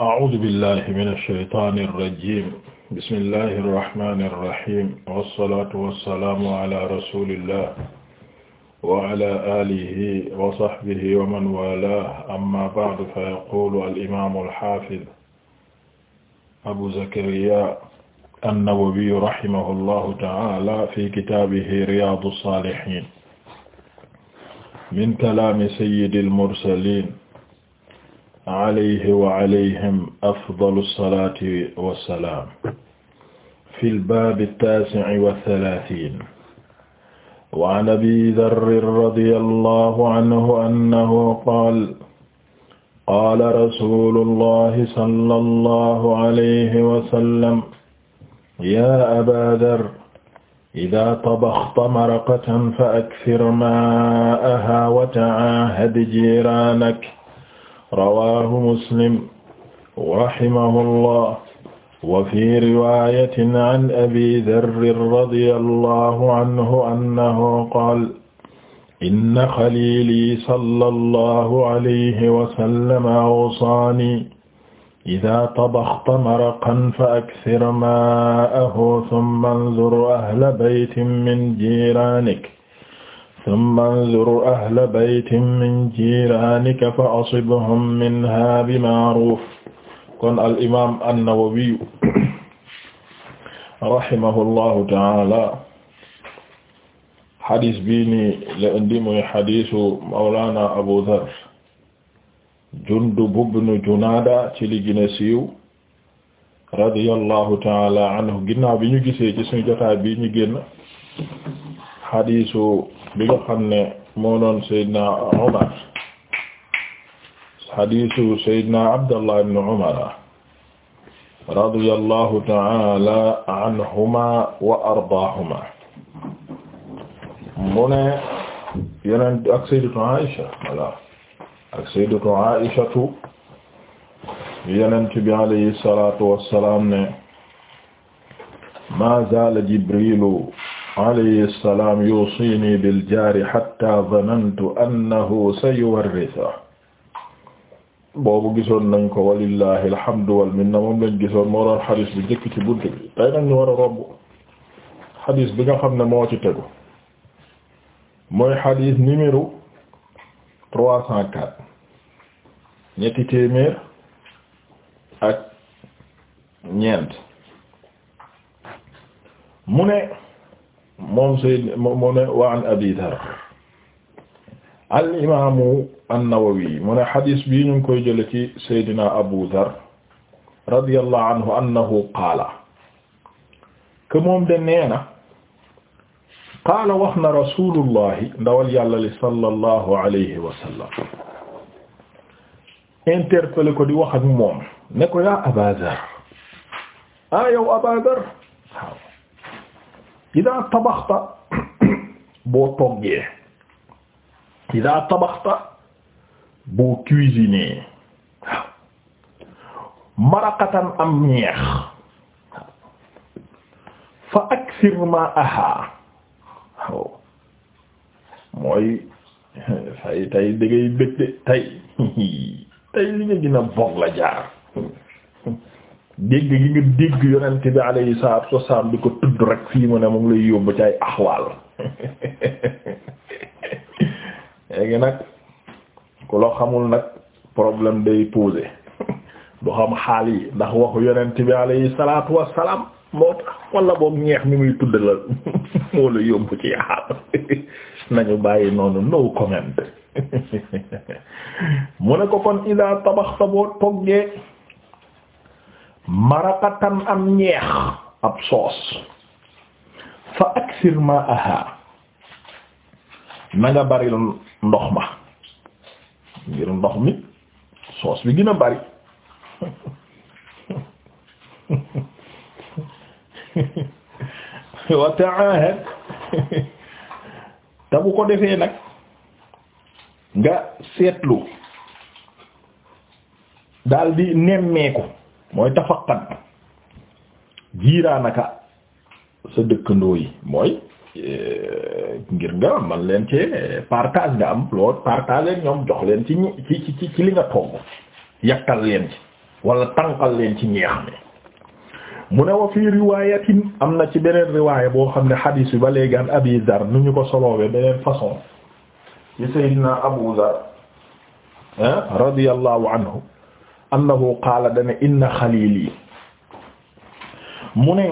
أعوذ بالله من الشيطان الرجيم بسم الله الرحمن الرحيم والصلاة والسلام على رسول الله وعلى آله وصحبه ومن والاه أما بعد فيقول الإمام الحافظ أبو زكريا النووي رحمه الله تعالى في كتابه رياض الصالحين من كلام سيد المرسلين alayhi wa alayhim afdalu salaati wa salaam. fil baabi taasi'i wa salaatiin. wa an abii darrin radiyallaahu anhu annahu qaala. qaala rasuulullaahi sallallaahu alayhi wa sallam. yaa abaa darr. idaa tabaxta maraqatan fa akthir maa'ahaa wa ta'aahad jiiraanak. rawaahu muslim rahimahullah wa fi riwaayatin an abi darrin radiyallahu anhu annahu qaala inna xaliili sallallahu alayhi wa sallam awsaanii idaa tabaxta maraqan fa aksir maa'ahu summa anzur ahla baytin min jiiraanik summa anzur ahla baytin min jiraanika fa asibhum minha bi ma'ruuf kon al imaam an-Nawawi rahimahullahu ta'ala xadis bii nii la indi muy xadisu Mawlana Abu Dharr Jundub ibn Junaada ci li gën a siiw radiyallahu ta'ala anhu ginnaaw bi ñu gisee ci suñu jotaay bi ñu génn xadisu. bi nga xam ne moo doon Seydina Umar hadiisu Seydina Abdallah ibn Umar radiyallahu ta'ala anhuma wa ardaahuma mu ne yeneen ak Sayyidatu Aïcha voilà ak Sayyidatu Aïchatu Yonent bi alayhi salaatu wa salaam ne ma zaala Jibriilu alayhi salaam yuusiinii bil jaari hattaa zanantu annahu sayuwarrithuhu boobu gisoon nañ ko walillahi alhamdu wal minna moom lañ gisoon moo doon xadis ci bunt bi tey war a romb bi nga xam ne moo ci tegu mooy xadis numéro trois cent quatre ñetti téeméer ak ñeent mu ne moom Seydou mu ne wa an Abi Dharr al imaamu an-Nawawi mu ne xadis bii ñu ngi koy jële ci Seydina Abu Dharr radiyallahu anhu annahu qaala que moom de nee na qaala wax na rasulullahi ndawal yàlla li sallallahu alayhi wa sallam interpellé ko di wax ak moom ne ko yaa Aba Dharr ah yow Aba Dharr waaw idaa tabaxta boo toggee idaa tabaxta boo cuisiner waaw am ñeex fa aksir ma ahaa mooy say tay dëggay bëgg de tay li nga gën a la jaar dégg gi nga dégg yonent bi alayhi salaatu wassalaam di ko tudd rek fii mu ne mu ngi lay yóbbu ci ay léegi nag ku loo xamul nag problème day posé du xam xaal yi ndax waxu yonent bi alayhi salaatu wassalaam moo tax wala boog ñeex mi muy tudd la moo la yóbbu ci xaal nañu bàyyi noonu no comment mu ne ko kon ila tabax ta boo toggee maraqatan am ñeex ab soos fa aksir ma aha na bari ndox ma ngir ndox mi soos bi gën a bari wa te bu ko defee nag nga seetlu daldi nemmeeku mooy tafaqan jiiraanaka sa dëkkandoo yi mooy eh, ngir nga man leen ci eh, partage nga am loolu partage leen ñoom jox leen ci li nga togg yakkal leen ci wala tànqal leen ci ñeex mi mu ne wa fii riwaayatin am na ci beneen riwaaya boo xam ne xadiis bi ba léegi an Abi Zar nu ñu ko soloowe beneen façon ci Seydina Abu Zar eh, radiyallahu anhu annahu qaala dana inna xalili mu ne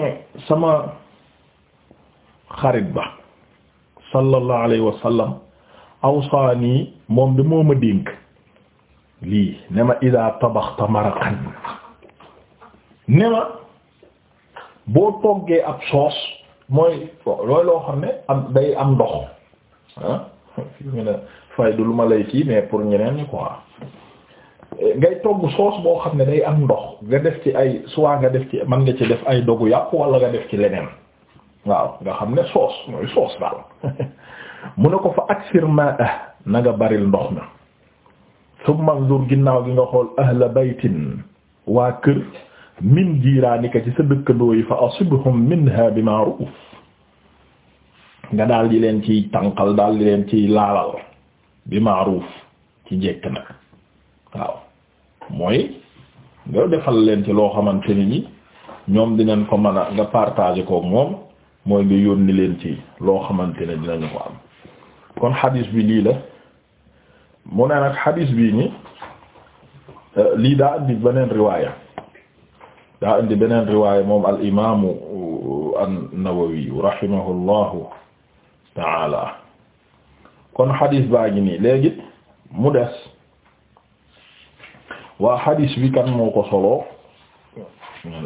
sama xarit ba sallallahu alayhi wa sallam awsaani moom de moo ma dénk lii ne ma idaa tabaxta maraqan ne ma boo toggee ab soos mooy looy loo xam ne am day am ndox ah fay du lu ma lay kii mais pour ñeneen ñi ngay togg soos boo xam ne day am ndox nga def ci ay soit nga def ci mën nga ci def ay dogu yàpp wala nga def ci leneen waaw nga xam ne soos mooy soos daal mu ne ko fa aksir ma ah na baril ndox na summa zur ginnaaw gi nga xool ahla baytin waa kër min jiiraanika ci sa dëkkandoo yi fa asibhum minha bi ma'ruf nga daal di leen ciy tànqal daal di leen ciy laalal bi ma'ruf ci njekk nag waaw mooy nga defal leen ci loo xamante ne ni ñoom dinañ ko mën a nga partager kook moom mooy nga yónni leen ci loo xamante ne dinañu ko am kon xadis bi lii la mu ne nag xadis bii ni euh, lii daa indi beneen riwaaya daa indi beneen riwaaya moom al imaamu euh, an-Nawawi rahimahullahu taala kon xadis baa ngi nii léegi mu des waa hadis bi kan moo ko solo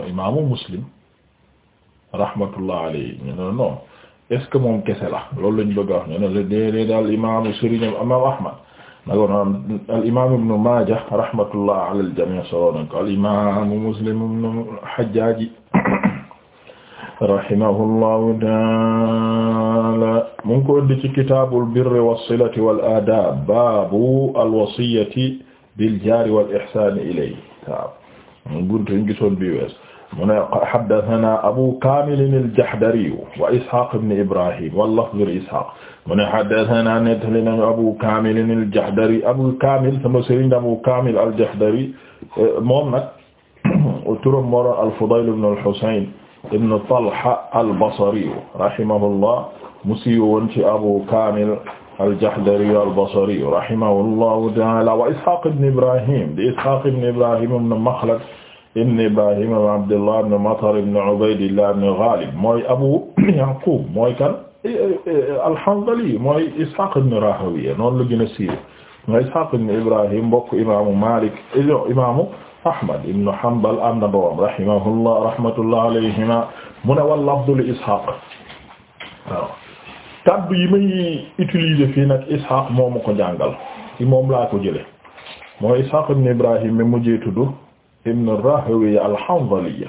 imaamu muslim rahmatullah alayhi ñu ne non est-ce que moom kese la loolu lañ bëgg a wax ñu ne la déedéet daal imaamu Serigne imaam Ahmad naka noonu al imaam ibnu Maaja rahmatullah ala al jamii solo nañ ko al imaamu muslim ibnu Hajjaaji rahimahullahu taala mu ngi ko indi ci kitaabul birri was silati wal aadaab baabu al wasiyati bil jaari wal ihsaani ilayhi waaw buntu ñu gisoon bi wees mu ne haddathana abu kaamil al-jahdari wa ishaq ibn ibrahim wal lafz li ishaq mu ne haddathana nettali nañu abu kaamil al-jahdari abu kaamil sama sëriñ abu kaamil al-jahdari moom nag turam moo doon al-fudayl ibn al-husayn ibn talha al-basri rahimahullah mu siiwoon ci abu kaamil al-Jahdari al-Basri rahimahullahu ta'ala wa Ishaq ibn Ibrahim di Ishaq ibn Ibrahim ibn Makhlad ibn Ibrahim ibn Abdullah ibn Matar ibn Ubaydillah ibn Ghalib mooy Abu Yaqub mooy kan eh, eh, eh, al-Hanzali mooy Ishaq ibn Rahawiya noonu la gën a siiw mooy Ishaq ibn Ibrahim mbokk imaamu Malik imaamu Ahmad ibn Hanbal am na doom rahimahullah rahmatullah alayhima mu ne wal lafdu li Ishaq waaw kaddu yi may utiliser fii nag Ishaq moo ma ko jàngal fi moom laa ko jële mooy Ishaq ibn Ibrahim mu mujjee tudd ibn Rahawayh al-Hanzali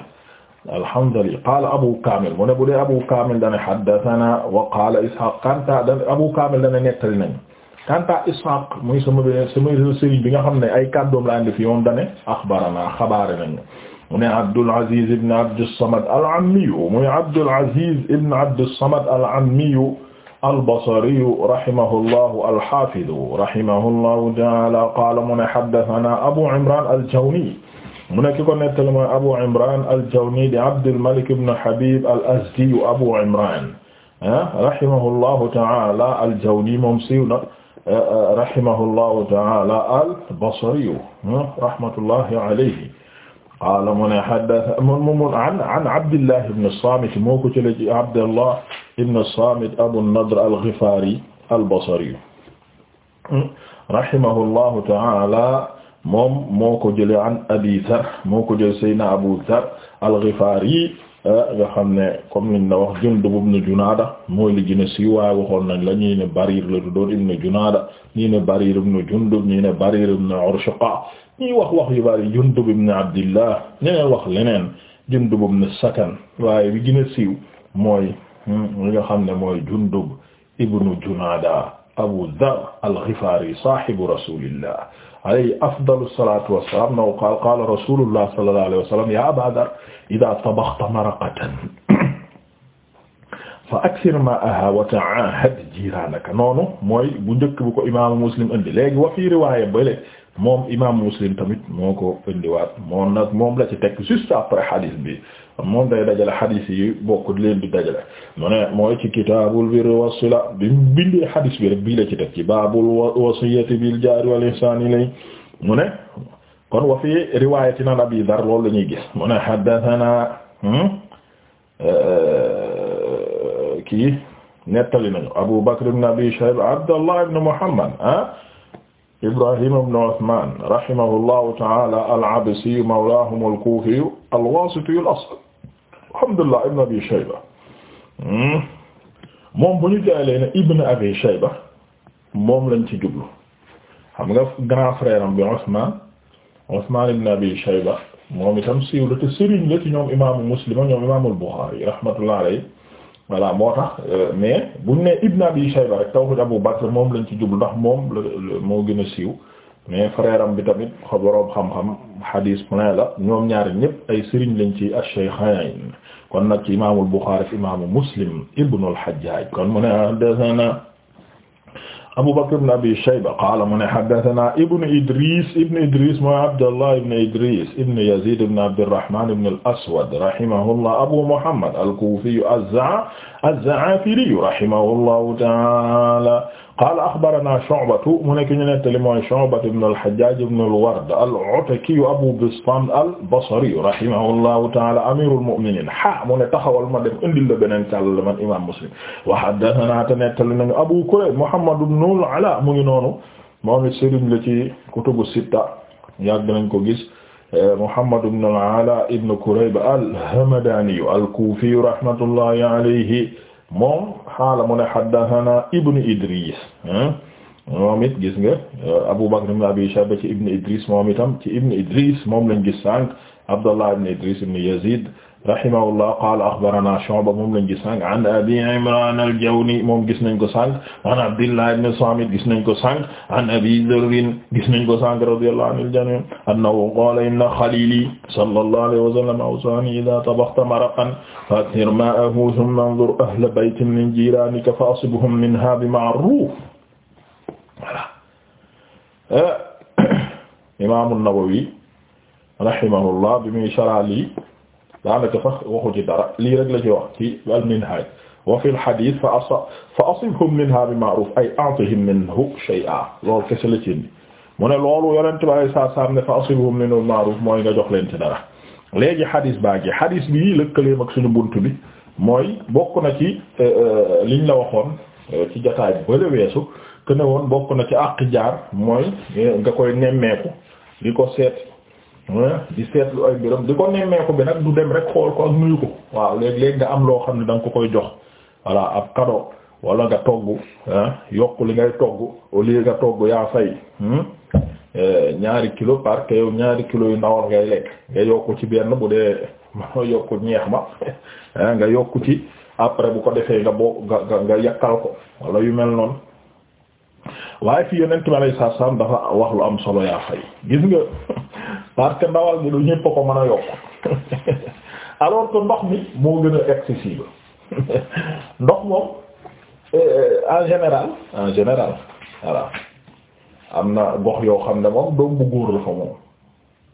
al-Hanzali qaala Abu Kaamil mu ne bu dee Abu Kaamil dana haddathana wa qaala Ishaq kanta dana Abu Kaamil dana nettali nañ kanta Ishaq muy sama beneen sama sëriñ bi nga xam ne ay kàddoom la andi fii moom dane axbarana xabaare nañ mu ne Abdul Aziz ibn Abdus Samad al-Ammi muy Abdul Aziz ibn Abdus Samad al-Ammi albasariyu rahimahullahu alhafidu rahimahullahu taala qaala mu ne haddathana Abu Imran al-Jawni mu ne ki ko nettali mooy Abu Imran al-Jawni di Abdulmalik ibn Habib al-Azdiyu Abu Imran ah, rahimahullahu taala al-Jawni moom siiw na ah, ah, rahimahullahu taala al-Basriyu rahmatullahi alayhi qaala mu ne haddasa mu mu mu an an Abdillah ibn as-Samit moo ko jëlee ci Abdallah ibn as-Samit Abu an-Nadr al-Ghifari al-Basri rahimahullahu ta'ala moom moo ko jëlee an Abi Dharr moo ko jëlee Seydina Abu Dharr al-Ghifari nga xam ne comme liñ la wax Jundub ibn Junaada mooy li gën a siiw waaye waxoon nañ la ñii ne Bariir la doon ibn Junaada ñii ne Bariir ibn Jundub ñii ne Bariir ibn Urshqa ñuy wax wax yu bari Jundub ibn Abdillah ñeneen wax leneen Jundub ibn Sakan waaye bi gën a siiw mooy hmm, li nga xam ne mooy Jundub ibn Junaada Abu Dharr al-Ghifari sahibu rasulillah alayhi afdalu salatu wassalam naw qaal qaala rasulullah sallallahu alayhi wa sallam ya Aba Dharr idha tabaghta maraqatan fa akthir ma'aha wa ta'ahhad jiranaka noonu mooy bu njëkk bu ko imaamu Muslim indi léegi wa fi riwaaya bale moom imam muslim tamit moo ko indiwaat moom na moom la ci teg juste après hadith bi moom day dajale hadith yi bokk leen di dajale mu ne mooy ci kitaabul birri wassila bi bindee hadith bi rek bii la ci wal ihsaani ilay mu ne kon wa fi riwaayatin an abi dar loolu la ñuy gis mu ne haddathana hmm? kii abu bakr ibn abi shayba abdallah ibn muhammad ah? Ibrahim ibn Usman rahimahullahu ta'ala al-Absi mawlahum al-Kufi al-Wasiti al-asl Hamdullah ibn Abi Shayba hmm. moom bu ñu jaalee ne ibn Abi Shayba moom lañ ci jublu xam nga grand frère am bi Usman Usman ibn Abi Shayba moom itam siiw la te sëriñ la ci ñoom imaamu Muslim ñoom imaamul Bukhari rahmatullah alayhi voilà moo tax euh, mais buñ ne Ibn Abi Shayba rek tawxid Abu Bakr moom lañ ci jublu ndax moom moo gën a siiw mais frère am bi tamit xa boroom xam-xam xadiis plein la ñoom ñaari ñëpp ay sëriñ lañ ci ash-Shaykhayn kon nag ci imaamul Buxaari fi imaamu Muslim ibnul Hajjaaj kon mu ne haddasanaa ah, Abu Bakr ibn Abi Shayba qaala mu ne haddasanaa ibnu Idris ibnu Idris mooy Abdallah ibnu Idris ibnu Yazid ibnu Abdirrahmaan ibnu al-Aswad rahimahullah Abu Muhammad al-Kuufi az-Za'afiri rahimahullahu ta'aala qaala axbaranaa Shu'batu mu nekk ñu nettali mooy Shu'batu ibn al-Hajjaaj ibn al-Ward al-Ataki Abu Bistaam al-Basri rahimahullahu ta'aala amiirul mu'miniin ha mu ne taxawal ma dem indil la beneen càll man imaam Muslim wa haddathanaa te nettali nañu Abu Kurayb Muhammad ibn al-Alaa mu ngi noonu moom it sëriñ la ci kutubu sitta yàgg nañ ko gis Muhammad ibn al-Alaa ibn Kurayb al-Hamdaani al-Kuufi rahmatullahi alayhi moom xaala mu ne haddathana ibnu Idris hmm? moom it gis nga euh, Abu Bakr ibn Abi Shayba ci ibnu Idris moom itam ci ibnu Idris moom lañ gis sànq Abdullah ibn Idris ibn Yazid rahimahullah qaala axbaranaa Shu'ba moom lañ gis sànq an Abi Imraan al-Jawni moom gis nañ ko sànq an Abdillah ibn Saamit gis nañ ko sànq an Abi Dharr gis nañ ko sànq radiyallahu anil jamii' annahu qaala inna khaliili sallallahu alayhi wa sallam awsaanii idhaa tabaghta maraqan fa'thir maa'ahu thumma anzur ahla baytin min jiiraanika fa'asibhum minhaa bima'ruuf voilà eh, Imaam an-Nawawi rahimahullah bi muy sharali daanaka sax waxu ci dara lii rek la ci wax ci al-Minhaj wa fil hadith fa asa fa asibhum minha bi ma'ruf ay a'tihim minhu shay'a loolu kese la ci mu ne loolu yonent bi alayhi salaatu salaam ne fa asibhum minhu bi ma'ruf mooy nga jox leen dara léegi hadith baa ngi hadith bi lëkkaleem ak suñu bunt bi mooy bokk na ci euh, euh, liñ la waxoon euh, ci jotaay ba weesu que ne woon bokk na ci àq jaar mooy nga koy nemmeeku di ko seet. di seetlu ay mbiram di ko nemmee ko bi nag du dem rek xool ko ak nuyu ko waaw léeg-léeg nga am loo xam ne danga ko koy jox voilà ab cadeau wala nga togg yokk li ngay togg au lieu nga togg yaa fay hmm, eh, ñaari kilo parce que ñaari kilo yu ndawal ngay lekk nga yokk ci benn bu dee mënoo yokk ñeex ma nga yokk ci après bu ko defee nga boo nga nga yakkal ko wala yu mel noonu waaye fi yonent bi alayhi salaam dafa wax lu am solo yaa fay gis nga parce que ndawal gi du ñëpp ko mën a yokk alors que ndox mi moo gën a accessible ndox moom euh, en général en général voilà am na gox yoo xam ne moom doom bu góor la fa moom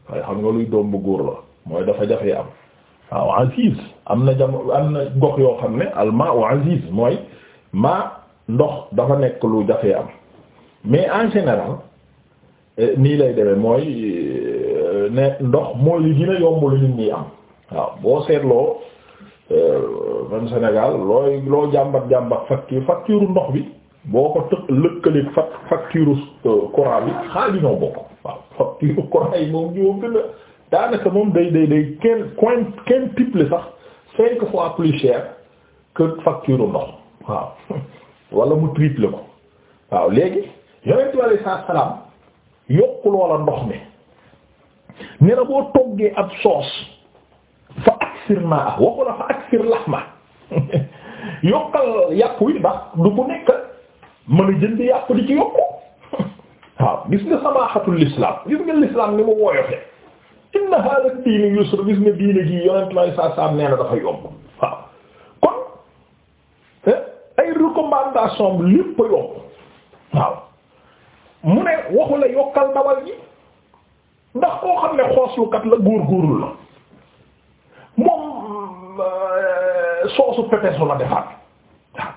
waaye xam nga luy doom bu góor la mooy dafa jafee am waaw aziz am na jam am na gox yoo xam ne alma u aziz mooy maa ndox dafa nekk lu jafee am mais en général euh, nii lay demee mooy euh, ne ndox mooy li gën yomb lu nit ñi am waaw boo seetloo euh, même Sénégal looy loo jàmbat jàmbat facture facture ndox bi boo ko të lëkkaleeg fa facture euh, courant bi xaal bi bokk waaw facture courant yi moom ñoo gën a daanaka moom day day day kenn kenn triple sax cinq fois plus cher que facture ndox waaw wala mu triple ko waaw léegi yonent bi ndox mi ne boo toggee ab soos fa aksir ma waxu la fa aksir laxma yokkal yàpp wi ndax du ku nekk mën a jënd yàpp di ci yokku waaw gis nga samaaxatul l'islam gis nga l'islam ni mu woyofe inna hada diini yusr gis nga diine gi yonent may saa saam nee na dafa yomb waaw kon eh, ay recommandation lépp a waaw mu ne waxu la yokkal ndawal gi ndax koo xam ne xooslukat la góorgóorlu la moom euh, soosu pepesu la defar waaw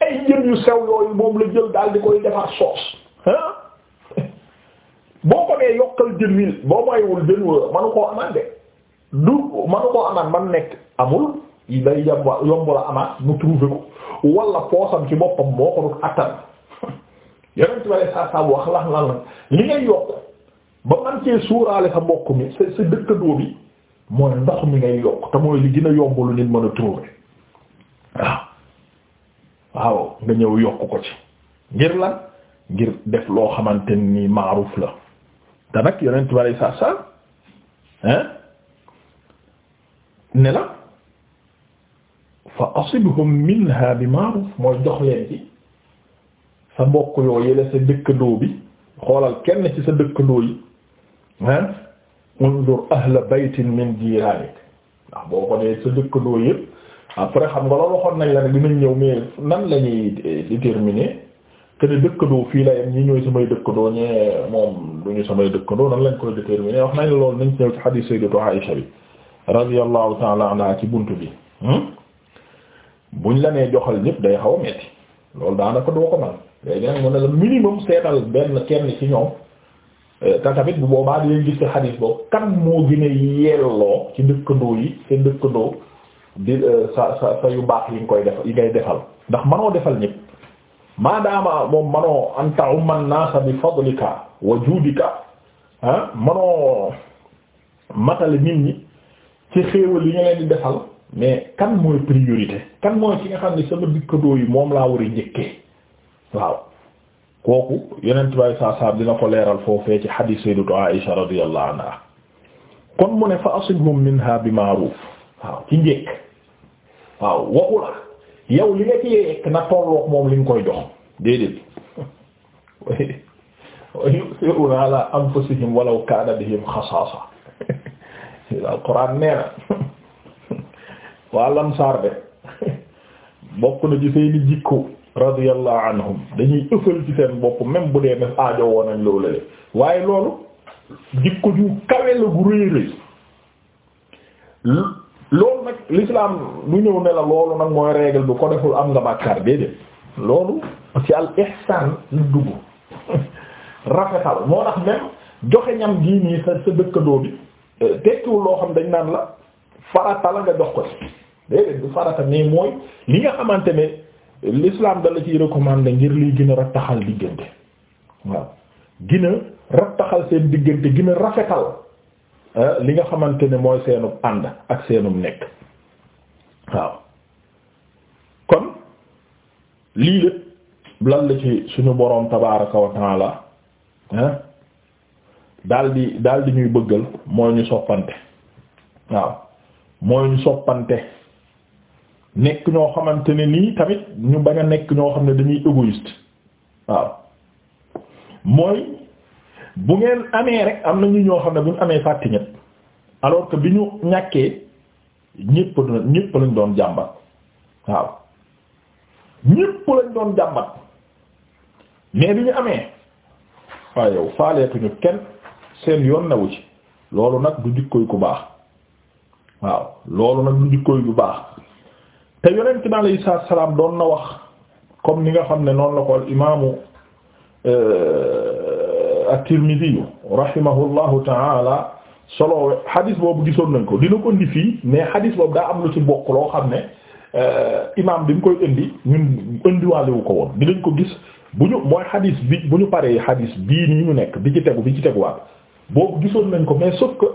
ay jën yu sew yooyu moom la jël daal di koy defar soos boo ko nee yokkal jën wi boo maywul jën wa manu nekk amul day yomb yomb la ci boppam moo ko dut attan yeneen ci wàllu saa saa wax la lan li ngay yokk. ba man cee suuraale sa mbokk mi sa sa dëkkandoo bi mooy ndox mi ngay yokk te mooy li gën a yomb lu nit mën a trouver waaw waaw nga ñëw yokk ko ci ngir la ngir def loo xamante ni maaruf la te nag yonent bi saa saa hein ne la fa asibhum minha bi maaruf mooy jox leen ci sa mbokk yoo yële sa dëkkandoo bi xoolal kenn ci sa dëkkandoo yi ah unzur ahla baytin min jiraanik ndax boo ko dee sa dëkkandoo yëpp après xam nga la waxoon nañ la ne dinañ ñëw mais nan la ñuy eh, déterminer que ne dëkkandoo fii la yem ñi ñooy samay dëkkadoo ñee moom du ñu samay dëkkadoo nan lañ koy déterminer wax nañ la loolu nañ ci ñëw ci hadith sayyidatu Aisha bi radiyallahu ta'ala anha ci bunt bi hmm? buñ la nee joxal ñëpp day xaw metti loolu daanaka doo ko mën léegi nag mu ne la minimum seetal benn kenn ci ñoom. te tamit bu boobaa di leen gis ci xadiis boobu kan moo gën a yelloo ci dëkkandoo yi seen dëkkandoo di euh, sa sa yu baax yi nga koy def yi ngay defal ndax manoo defal ñépp maadaama moom manoo anta umma naasa bi fadlika wa juudika ah manoo matale nit ñi ci xéewal yi nga leen di defal mais kan mooy priorité kan mooy ci nga xam ne sama dëkkandoo yi moom laa war a njëkkee waaw kooku yenent bay saa dina ko leeral foofee ci hadith sayyidatu Aisha radiyallahu anha kon mu ne fa asibhum minha bi ma'ruf waaw njekk waaw waxu la yow li nga ci yekk na tollook moom li nga koy jox déedéet wa yu'thiruna ala anfusihim walaw kana bihim xasaasa alquran nee na waa jikko radiyallahu anhum dañuy ëffal ci seen bopp même bu dee ne aajo woon nañ loolu le waaye loolu jikko ju kawe la gu rëy rëy loolu nag l'islam lu ñëw nela la loolu nag mooy règle bu ko deful am nga bàkkaar déedéet loolu ci al ihsan lu dugg rafetal moo tax même joxe ñam gii nii sa sa dëkkandoo bi euh, tekkiwul loo xam dañ naan la farata la nga jox ko ci déedéet du farata mais mooy li nga xamante ne l'islam dala ciy recommander ngir liy gën a rattaxal diggante waaw gën a rattaxal seen diggante gën rafetal euh, li nga xamante ne mooy seenub ànd ak seenu nekk waaw kon lii lépp lan la ci suñu boroom tabaaraka wa taala hein ñuy bëggal mooy ñu soppante waaw mooy ñu soppante nekk ñoo xamante ni nii tamit ñu bañ a nekk ñoo xam ne dañuy égoïste waaw mooy bu ngeen amee rek am na ñu ñoo xam ne bu ñu amee fàtte ñépp alors que bi ñu ñàkkee ñépp ñépp lañ doon jàmbat waaw ñépp lañ doon jàmbat mais bi ñu amee waaw yow faaleetuñu kenn seen yoon newu ci loolu nag du jikkooy ku baax waaw loolu nag du jikkooy bu baax te yonent bi alayhi salaam doon na wax comme ni nga xam ne noon la ko al imaamu euh, at-Tirmidhi rahimahullahu ta'ala solo hadis boobu gisoon nañ ko dina ko indi fii mais hadis boobu daa am lu ci bokk loo xam ne euh, imaam bi mu koy indi ñun indiwaale wu ko woon dinañ ko gis bu ñu mooy hadis bi bu ñu paree hadis bii nii ñu nekk bi ci tegu bi ci teguwaat boobu gisoon nañ ko mais sauf que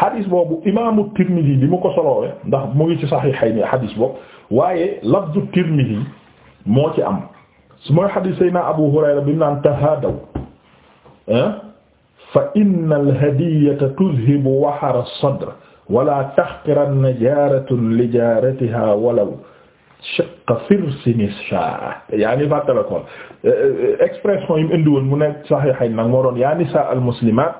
xadis boobu imaamu Tirmidi bi mu ko soloowe ndax mu ngi ci saxiixayni xadis boobu waaye lafzu Tirmidi moo ci am su mooy xadis Seydina Abu Hurayra bi mu naan tahaadaw ah, fa inna al-hadiyyata tuzhibu wahara as-sadr wala tahqiranna jaaratun li jaaratiha walaw shaqqa firsi nisaa'a yaa ni fàttale kon eh, eh, expression yi mu indi woon mu nekk saxiixayni nag moo doon yaa nisaa al-muslimaat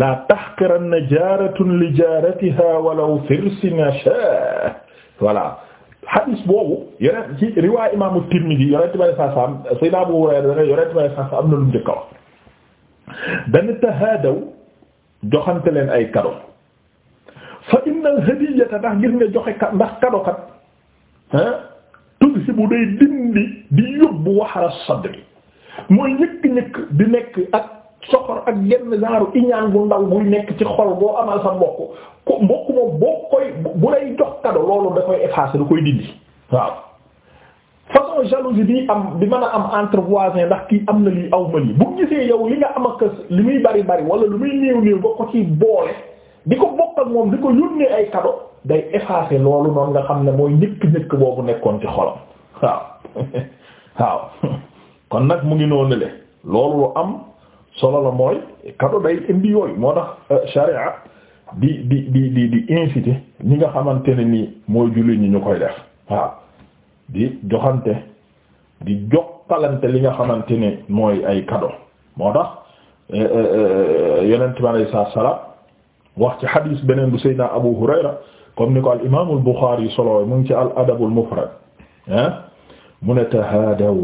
laa tahqiranna jaaratun li jaaratiha walaw firsi nasha voilà hadis boobu yeneen ci riwaay imaamu Tirmidi yonent bi saa saa am Sayyid Abu Hurayra yonent bi saa saa am na lu mu njëkk a wax. dana tahaadaw joxante leen ay kado fa inna al-hadiyata ndax gis nga joxe ka ndax kado kat ah tudhibu day dindi di yóbbu wahra sadri mooy ñëkk ñëkk di nekk ak. soxor ak genn genre iñaan bu ndaw buy nekk ci xol boo amal sa mbokk ko mbokk moom boo koy bu lay jox kado loolu da koy effacer da koy dindi waaw façon jalousie bi am bi man a am entre voisins ndax ki am na lii aw ma lii bu gisee yow li nga am ak li muy bari bari wala lu muy néew néew ba ko ci boole di ko bokk ak moom di ko yónnee ay kado day effacer loolu noonu nga xam ne mooy njëkk njëkk boobu nekkoon ci xolam waaw waaw kon nag mu ngi noonu le loolu solo la mooy kado day indi yooyu moo tax euh, sharia di di di di di inciter ñi nga xamante ne nii mooy jullit ñi ñu koy def waaw di joxante di jokkalante li nga xamante ni mooy ay kado moo tax euh, euh, yonent bi alayhi salaatu salaam wax ci xadiis beneen bu Seydina Abu Hurayra comme ni ko al imaamul Buxaari solo mu ngi ci al adabul mufrad ah mu ne tahaadaw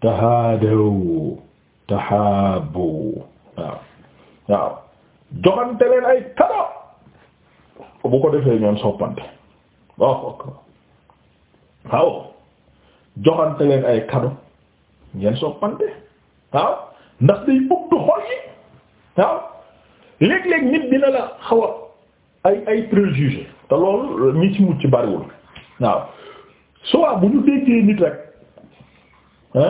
tahaadaw taxaabu waaw waaw joxante leen ay kado bu ko defee ñoom soppante waaw joxante leen ay kado ngeen soppante waaw ndax day bëgg xol yi waaw léeg-léeg nit dina la xaw a ay ay préjugé te loolu ñi ci mucc bariwul waaw soit bu ñu déggee nit rek ah.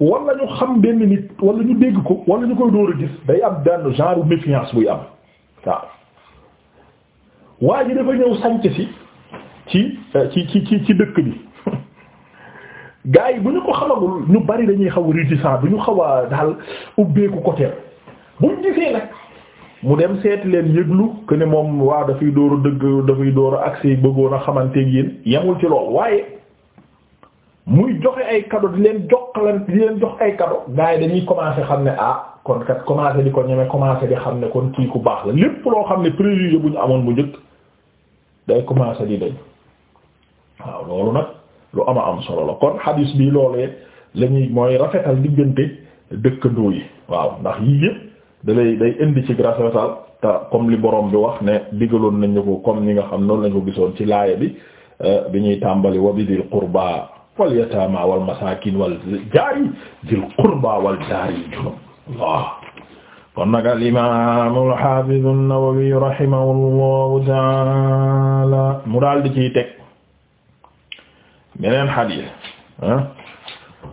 wala ñu xam benn nit wala ñu dégg ko wala ñu koy door a gis day am benn genre méfiance buy am waaw waa ji dafa ñëw sanc si euh, ci ci ci ci dëkk bi gars yi bu ñu ko xamagul ñu bari dañuy xaw réticent bu ñu xaw a daal ubbeeku côté bu ñu gisee nag mu dem seeti leen yëglu que ne moom waa dafay door a dëgg dafay door a accès bëggoon a xamanteeg yéen yemul ci lool waaye. muy joxe ay cadeau di leen jokkalante di leen jox ay cadeau gars yi dañuy commencé xam ne ah kon kat commencé di ko ñeme commencé di xam ne kon kii ku baax la lépp loo xam ne préjugé bu ñu amoon mu jëkk day commencé di dañ waaw loolu nag lu a am solo la kon hadis bi loolee la ñuy mooy rafetal diggante dëkkandoo yi waaw ndax yii yëpp da lay day indi ci rafetal te comme li borom bi wax ne digaloon ne ko comme li nga xam noonu lañ ko gisoon ci laaya bi eh, bi ñuy tàmbali wa bidil qurba wal yataama wal masaakin wal jaari dil qurba wal jaari junub Allah kon nag al imaam al haafiz an-Nawawi rahimahullahu ta'ala mu daal di ciy teg beneen hadiis ah